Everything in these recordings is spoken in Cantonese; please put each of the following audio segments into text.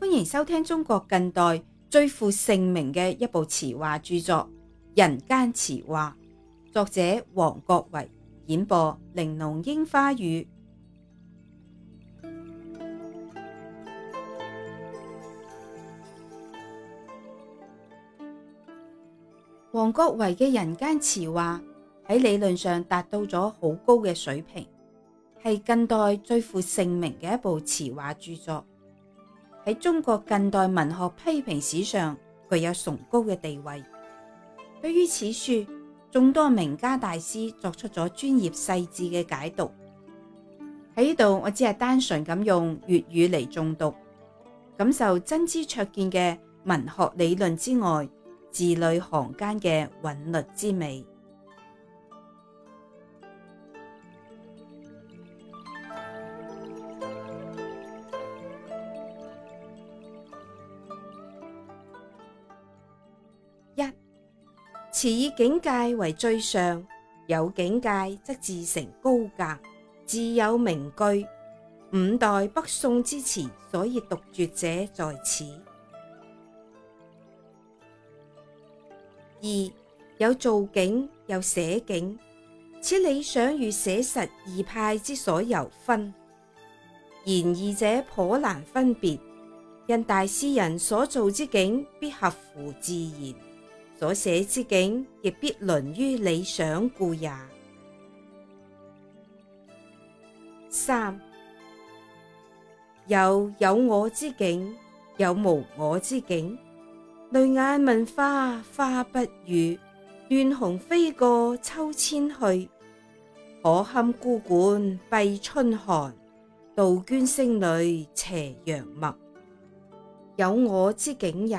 歡迎收聽中國近代最負盛名嘅一部詞話著作《人間詞話》，作者王國維，演播玲瓏櫻花雨。王國維嘅《人間詞話》喺理論上達到咗好高嘅水平，係近代最負盛名嘅一部詞話著作。喺中國近代文學批評史上具有崇高嘅地位。對於此書，眾多名家大師作出咗專業細緻嘅解讀。喺呢度，我只係單純咁用粵語嚟誦讀，感受真知灼見嘅文學理論之外，字裏行間嘅韻律之美。詞以境界為最上，有境界則自成高格，自有名句。五代北宋之詞所以獨絕者在此。二有造境，有寫境，此理想與寫實二派之所由分。然二者頗難分別，因大詩人所造之境必合乎自然。所寫之境亦必鄰於理想故也。三有有我之境，有無我之境。淚眼問花花不語，亂紅飛過秋千去。可堪孤館閉春寒，杜鵑聲裏斜陽暮。有我之境也。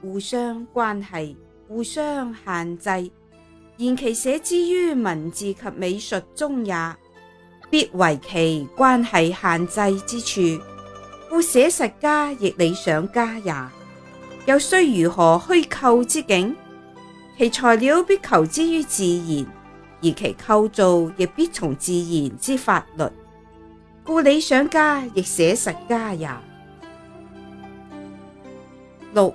互相關係，互相限制，然其寫之於文字及美術中也，必為其關係限制之處，故寫實家亦理想家也。又需如何虛構之境，其材料必求之於自然，而其構造亦必從自然之法律，故理想家亦寫實家也。六。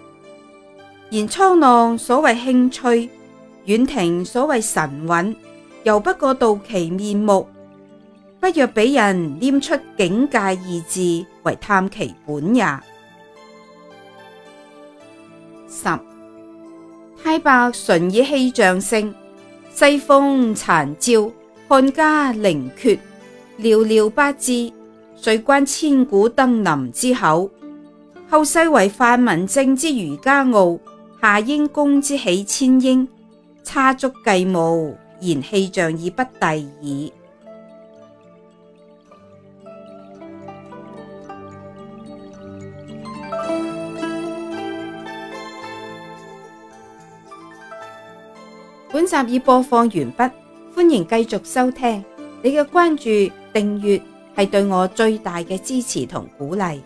然滄浪所謂興趣，阮亭所謂神韻，猶不過道其面目，不若鄙人拈出境界二字為探其本也。十，太白純以氣象勝，西風殘照，漢家陵闕，寥寥八字，遂關千古登臨之口。後世唯范文正之漁家傲。夏英公之喜遷鶯，差足繼武，然氣象已不逮矣。本集已播放完畢，歡迎繼續收聽。你嘅關注、訂閱係對我最大嘅支持同鼓勵。